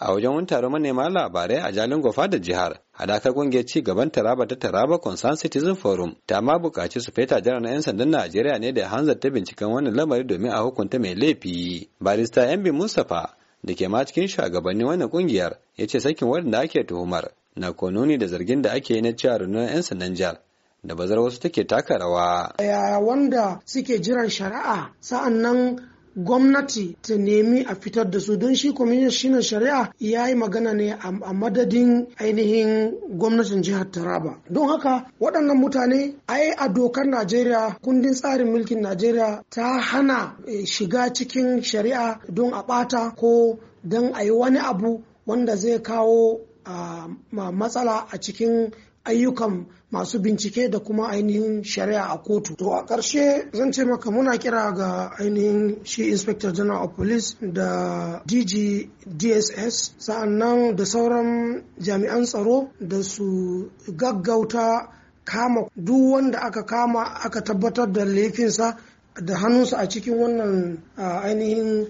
a wajen wani taron manema labarai a jalin gofa da jihar hadakar kungiyar ci gaban taraba ta taraba concern citizen forum ta ma buƙaci su feta jiran 'yan sandan najeriya ne da hanzar ta binciken wannan lamari domin a hukunta mai laifi barista yambi mustapha da ke ma cikin shugabannin wannan kungiyar ya ce sakin waɗanda ake tuhumar na kononi da zargin da ake yi na cewa rundunar 'yan sandan jihar da bazar wasu take taka rawa. Yaya wanda suke jiran shari'a sa'an gwamnati ta nemi a fitar da su don shi kwamishinan shari'a ya yi magana ne a madadin ainihin gwamnatin jihar taraba don haka waɗannan mutane ai a dokar najeriya kundin tsarin mulkin najeriya ta hana e, shiga cikin shari'a don a ɓata ko don a yi wani abu wanda zai kawo matsala a cikin ayyukan masu bincike da kuma ainihin shari'a a kotu. To a ƙarshe zan ce maka muna kira ga ainihin shi Inspector General of Police da DG DSS sa'annan da sauran jami'an tsaro da su gaggauta kama duk wanda aka kama aka tabbatar da laifinsa da hannunsa a cikin wannan ainihin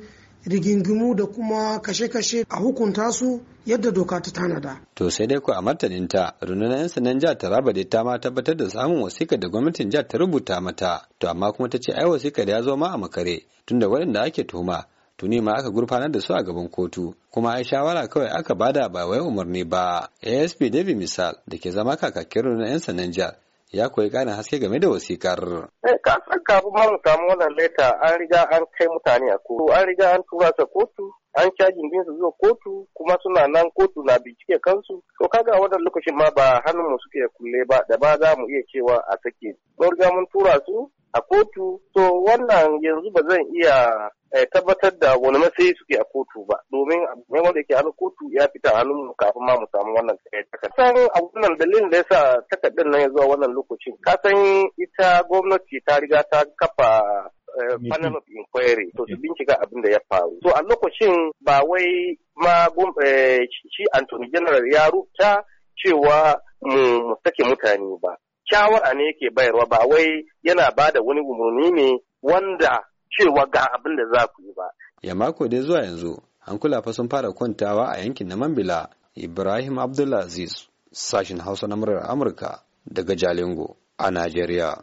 rigingimu da kuma kashe-kashe a hukunta su yadda doka ta tanada. To sai dai ku a ta, rundunar 'yan sanan jihar Taraba dai ta ma tabbatar da samun wasika da gwamnatin jihar ta rubuta mata. To amma kuma ta ce ai wasika da ya zo ma a makare tunda waɗanda ake tuhuma tuni ma aka gurfanar da su a gaban kotu kuma ai shawara kawai aka bada ba wai umarni ba asp david misal da ke zama kakakin rundunar 'yan sanan jihar ya koyi gane haske game da wasikar. Eh, ka san kafin ma mu samu wannan leta an riga an kai mutane a kotu an riga an tura su kotu an cajin din su zuwa kotu kuma suna nan kotu na bincike kansu to kaga wannan lokacin ma ba hannun mu suke kulle ba da ba za mu iya cewa a sake mun riga mun tura su a kotu to wannan yanzu ba zan iya eh, tabbatar da wani matsayi suke a kotu ba domin abin wanda yake hannun kotu ya fita hannun mu kafin ma mu samu wannan takardar. San a wannan dalilin da yasa takardar nan ya zuwa wannan lokacin kasan ita gwamnati ta riga ta kafa eh, panel of inquiry to su bincika abin da ya faru. To a lokacin ba wai ma eh, shi Anthony General ya rubuta cewa mu sake mutane ba. shawara ne yake bayarwa ba wai yana ba da wani umarni ne wanda cewa ga abin da za ku yi ba. Ya mako dai zuwa yanzu, hankula fa sun fara kwantawa a yankin na Mambila, Ibrahim Abdulaziz, sashin Hausa na murar Amurka daga Jalingo a Najeriya.